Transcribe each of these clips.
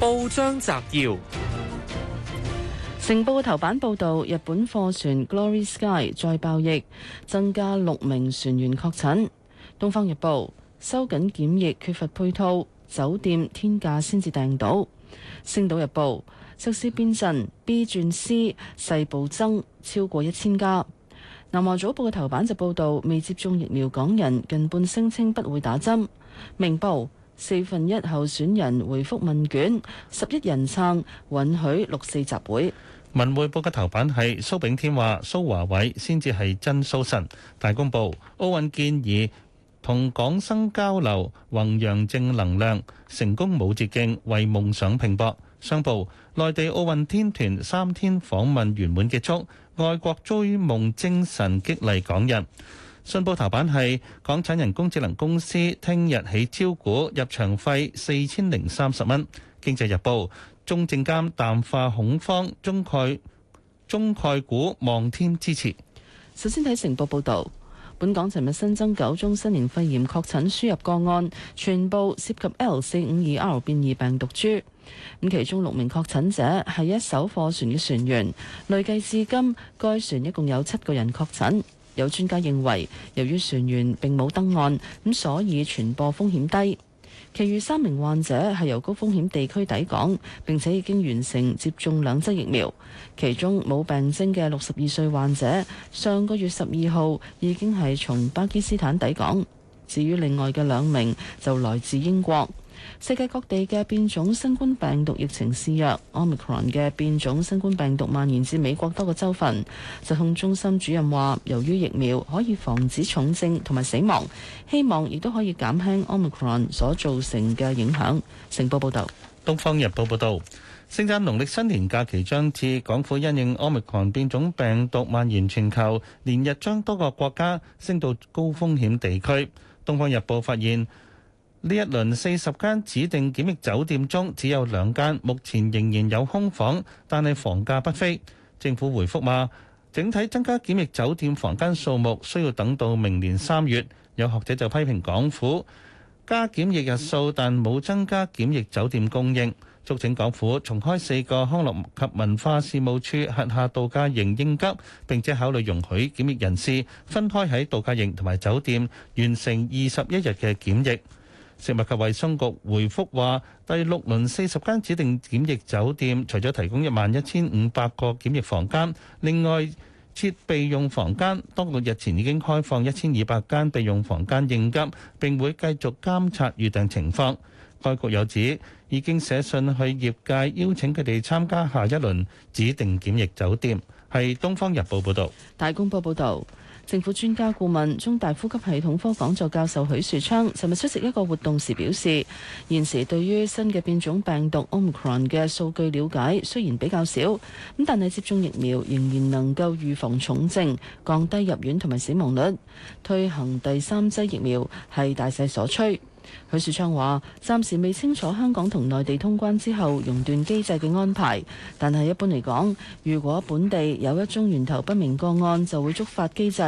報章摘要：成報頭版報道，日本貨船 Glory Sky 再爆疫，增加六名船員確診。東方日報收緊檢疫，缺乏配套，酒店天價先至訂到。星島日報：食肆變陣 B 轉 C，細暴增超過一千家。南華早報嘅頭版就報道，未接種疫苗港人近半聲稱不會打針。明報。四分一候選人回覆問卷，十一人撐允許六四集會。文匯報嘅頭版係蘇炳添話：蘇華偉先至係真蘇神。大公報奧運建議同港生交流，弘揚正能量，成功冇捷徑，為夢想拼搏。商報內地奧運天團三天訪問圓滿結束，外國追夢精神激勵港人。信報頭版係港產人工智能公司，聽日起招股，入場費四千零三十蚊。經濟日報，中證監淡化恐慌，中概中概股望天支持。首先睇成報報導，本港尋日新增九宗新型肺炎確診輸入個案，全部涉及 L 四五二 R 變異病毒株。咁其中六名確診者係一艘貨船嘅船員，累計至今該船一共有七個人確診。有專家認為，由於船員並冇登岸，咁所以傳播風險低。其餘三名患者係由高風險地區抵港，並且已經完成接種兩劑疫苗。其中冇病徵嘅六十二歲患者，上個月十二號已經係從巴基斯坦抵港。至於另外嘅兩名就來自英國。世界各地嘅變種新冠病毒疫情肆虐，Omicron 嘅變種新冠病毒蔓延至美國多個州份。疾控中心主任話：由於疫苗可以防止重症同埋死亡，希望亦都可以減輕 Omicron 所造成嘅影響。成報報導，《東方日報》報導，聖誕、農曆新年假期將至，港府因應 Omicron 變種病毒蔓延全球，連日將多個國家升到高風險地區。《東方日報》發現。呢一輪四十間指定檢疫酒店中，只有兩間目前仍然有空房，但係房價不菲。政府回覆話，整體增加檢疫酒店房間數目需要等到明年三月。有學者就批評港府加檢疫日數，但冇增加檢疫酒店供應，促請港府重開四個康樂及文化事務處轄下度假營應急，並且考慮容許檢疫人士分開喺度假營同埋酒店完成二十一日嘅檢疫。食物及衛生局回覆話：第六輪四十間指定檢疫酒店，除咗提供一萬一千五百個檢疫房間，另外設備用房間。當局日前已經開放一千二百間備用房間應急，並會繼續監察預訂情況。該局有指已經寫信去業界，邀請佢哋參加下一輪指定檢疫酒店。係《東方日報》報導，《大公報》報導。政府專家顧問、中大呼吸系統科講座教授許樹昌，尋日出席一個活動時表示，現時對於新嘅變種病毒 Omicron 嘅數據了解雖然比較少，咁但係接種疫苗仍然能夠預防重症、降低入院同埋死亡率。推行第三劑疫苗係大勢所趨。許樹昌話：暫時未清楚香港同內地通關之後熔斷機制嘅安排，但係一般嚟講，如果本地有一宗源頭不明個案，就會觸發機制。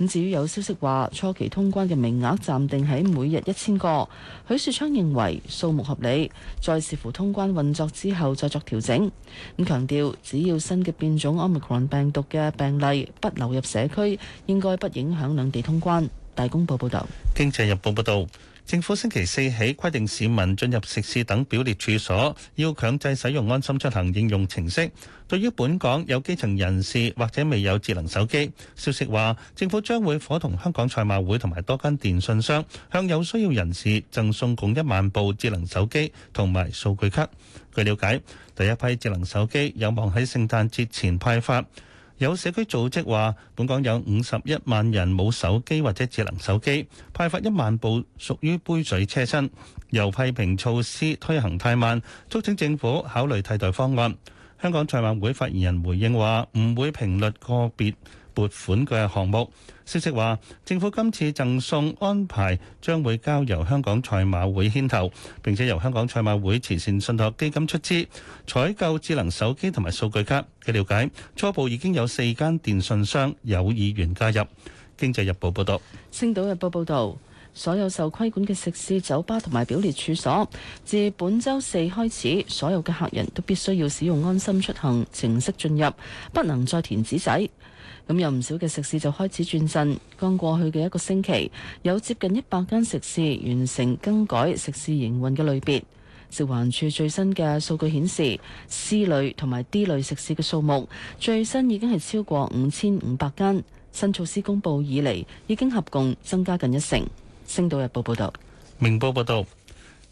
咁至於有消息話初期通關嘅名額暫定喺每日一千個，許樹昌認為數目合理，再視乎通關運作之後再作調整。咁強調，只要新嘅變種 Omicron 病毒嘅病例不流入社區，應該不影響兩地通關。大公報報道。《經濟日報》報導。政府星期四起規定市民進入食肆等表列處所，要強制使用安心出行應用程式。對於本港有基層人士或者未有智能手機，消息話政府將會伙同香港賽馬會同埋多間電訊商，向有需要人士贈送共一萬部智能手機同埋數據卡。據了解，第一批智能手機有望喺聖誕節前派發。有社區組織話，本港有五十一萬人冇手機或者智能手機，派發一萬部屬於杯水車薪。由批評措施推行太慢，促請政府考慮替代方案。香港賽馬會發言人回應話：唔會評論個別。撥款嘅項目消息話，政府今次贈送安排將會交由香港賽馬會牽頭，並且由香港賽馬會慈善信託基金出資採購智能手機同埋數據卡。據了解，初步已經有四間電訊商有議員加入。經濟日報報導，《星島日報》報導，所有受規管嘅食肆、酒吧同埋表列處所，自本周四開始，所有嘅客人都必須要使用安心出行程式進入，不能再填紙仔。咁有唔少嘅食肆就開始轉陣。剛過去嘅一個星期，有接近一百間食肆完成更改食肆營運嘅類別，食環署最新嘅數據顯示，C 類同埋 D 類食肆嘅數目，最新已經係超過五千五百間，新措施公布以嚟，已經合共增加近一成。星島日報報道，明報報道。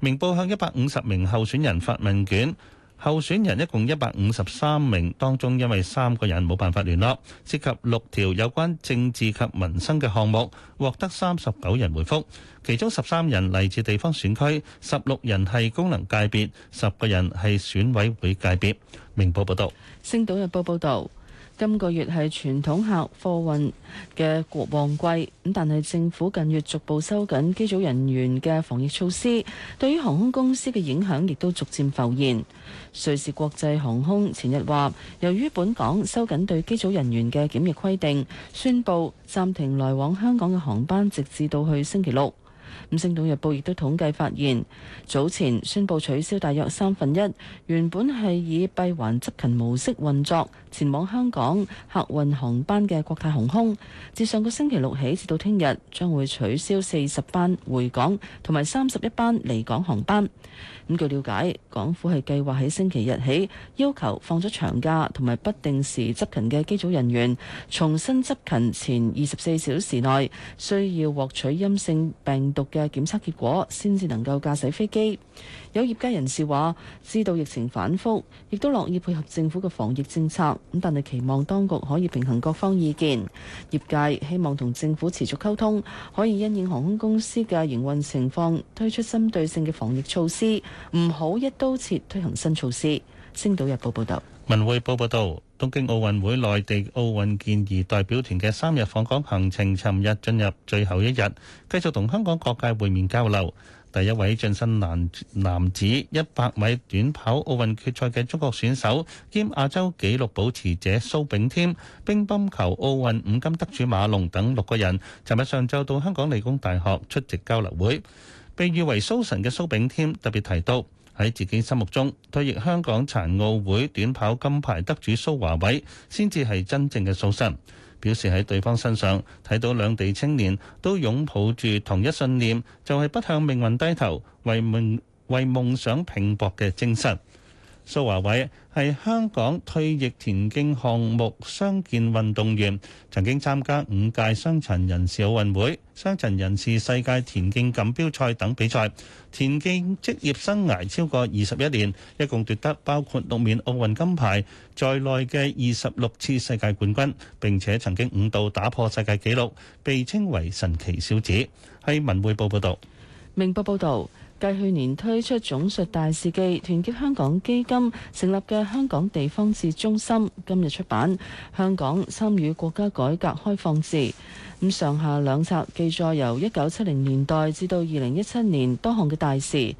明報向一百五十名候選人發問卷。候選人一共一百五十三名，當中因為三個人冇辦法聯絡，涉及六條有關政治及民生嘅項目，獲得三十九人回覆。其中十三人嚟自地方選區，十六人係功能界別，十個人係選委會界別。明報報道。星島日報報道。今個月係傳統客貨運嘅旺季，咁但係政府近月逐步收緊機組人員嘅防疫措施，對於航空公司嘅影響亦都逐漸浮現。瑞士國際航空前日話，由於本港收緊對機組人員嘅檢疫規定，宣布暫停來往香港嘅航班，直至到去星期六。咁《星島日報》亦都統計發現，早前宣布取消大約三分一原本係以閉環執勤模式運作。前往香港客運航班嘅國泰航空，自上個星期六起至到聽日，將會取消四十班回港同埋三十一班離港航班。據了解，港府係計劃喺星期日起要求放咗長假同埋不定時執勤嘅機組人員重新執勤前二十四小時內需要獲取陰性病毒嘅檢測結果，先至能夠駕駛飛機。有業界人士話，知道疫情反復亦都樂意配合政府嘅防疫政策。咁，但係期望當局可以平衡各方意見，業界希望同政府持續溝通，可以因應航空公司嘅營運情況推出針對性嘅防疫措施，唔好一刀切推行新措施。《星島日報》報道。《文匯報》報道，東京奧運會內地奧運健兒代表團嘅三日訪港行程，尋日進入最後一日，繼續同香港各界會面交流。第一位晉身男男子一百米短跑奧運決賽嘅中國選手兼亞洲紀錄保持者蘇炳添、乒乓球奧運五金得主馬龍等六個人，尋日上晝到香港理工大學出席交流會。被譽為蘇神嘅蘇炳添特別提到，喺自己心目中，退役香港殘奧會短跑金牌得主蘇樺偉先至係真正嘅蘇神。表示喺對方身上睇到兩地青年都擁抱住同一信念，就係、是、不向命運低頭，為夢為夢想拼搏嘅精神。蘇華偉係香港退役田徑項目傷健運動員，曾經參加五屆傷殘人士奧運會、傷殘人士世界田徑錦標賽等比賽，田徑職業生涯超過二十一年，一共奪得包括六面奧運金牌在內嘅二十六次世界冠軍，並且曾經五度打破世界紀錄，被稱為神奇小子。係文匯報報道，明報報道。繼去年推出總述大事記，團結香港基金成立嘅香港地方志中心今日出版《香港參與國家改革開放志》。咁上下兩冊記載由一九七零年代至到二零一七年多項嘅大事。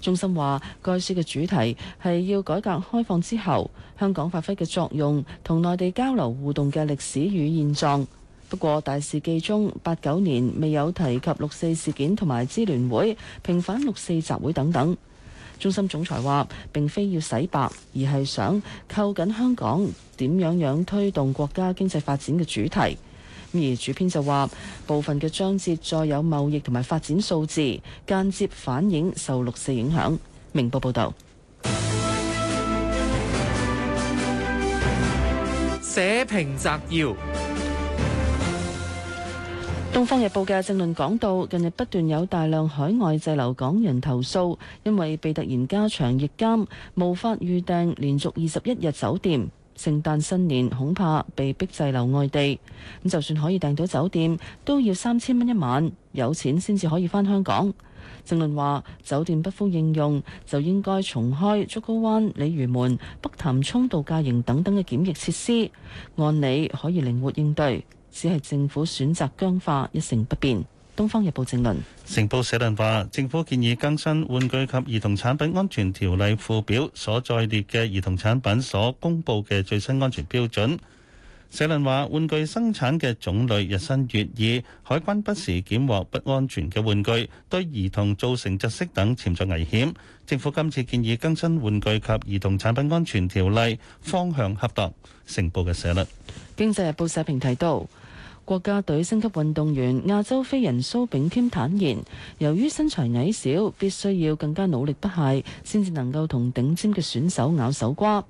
中心話，該書嘅主題係要改革開放之後香港發揮嘅作用同內地交流互動嘅歷史與現狀。不過大事記中八九年未有提及六四事件，同埋支聯會平反六四集會等等。中心總裁話，並非要洗白，而係想扣緊香港點樣樣推動國家經濟發展嘅主題。而主編就話，部分嘅章節再有貿易同埋發展數字，間接反映受六四影響。明報報道。社評摘要。《東方日報》嘅正論講到，近日不斷有大量海外滯留港人投訴，因為被突然加長疫監，無法預訂連續二十一日酒店，聖誕新年恐怕被逼滯留外地。咁就算可以訂到酒店，都要三千蚊一晚，有錢先至可以返香港。正論話，酒店不敷應用，就應該重開竹篙灣、鯉魚門、北潭涌度假營等等嘅檢疫設施，按理可以靈活應對。只係政府選擇僵化一成不變。《東方日報》正論，成報社論話：政府建議更新玩具及兒童產品安全條例附表所在列嘅兒童產品所公佈嘅最新安全標準。社論話：玩具生產嘅種類日新月異，海關不時檢獲不安全嘅玩具，對兒童造成窒息等潛在危險。政府今次建議更新玩具及兒童產品安全條例方向恰當。成報嘅社論，《經濟日報》社評提到。國家隊升級運動員亞洲飛人蘇炳添坦言，由於身材矮小，必須要更加努力不懈，先至能夠同頂尖嘅選手咬手瓜。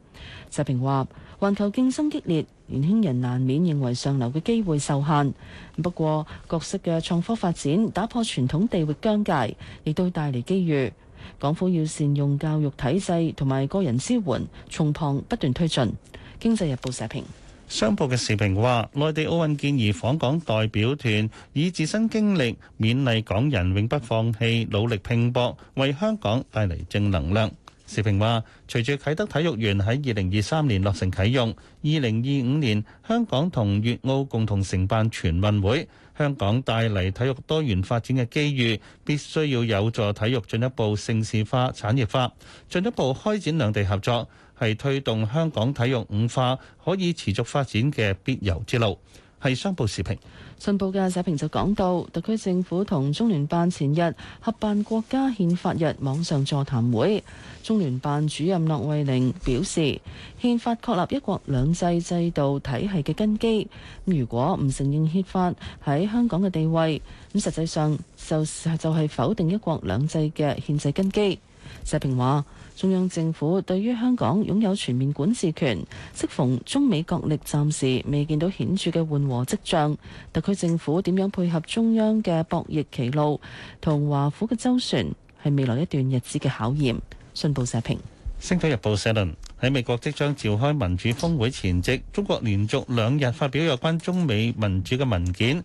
社評話，環球競爭激烈，年輕人難免認為上流嘅機會受限。不過，各式嘅創科發展打破傳統地域疆界，亦都帶嚟機遇。港府要善用教育體制同埋個人支援，從旁不斷推進。經濟日報社評。商報嘅時評話，內地奧運健兒訪港代表團以自身經歷勉勵港人永不放棄、努力拼搏，為香港帶嚟正能量。時評話，隨住啟德體育園喺二零二三年落成啟用，二零二五年香港同粵澳共同承辦全運會，香港帶嚟體育多元發展嘅機遇，必須要有助體育進一步盛事化、產業化，進一步開展兩地合作。係推動香港體育五化可以持續發展嘅必由之路。係商報時評。信報嘅社評就講到，特區政府同中聯辦前日合辦國家憲法日網上座談會，中聯辦主任駱惠寧表示，憲法確立一國兩制制度體系嘅根基。如果唔承認憲法喺香港嘅地位，咁實際上就係、就係、係、否定一國兩制嘅憲制根基。社評話：中央政府對於香港擁有全面管治權。適逢中美角力，暫時未見到顯著嘅緩和跡象。特區政府點樣配合中央嘅博弈棋路，同華府嘅周旋，係未來一段日子嘅考驗。信報社評，《星島日報》社論喺美國即將召開民主峰會前夕，中國連續兩日發表有關中美民主嘅文件。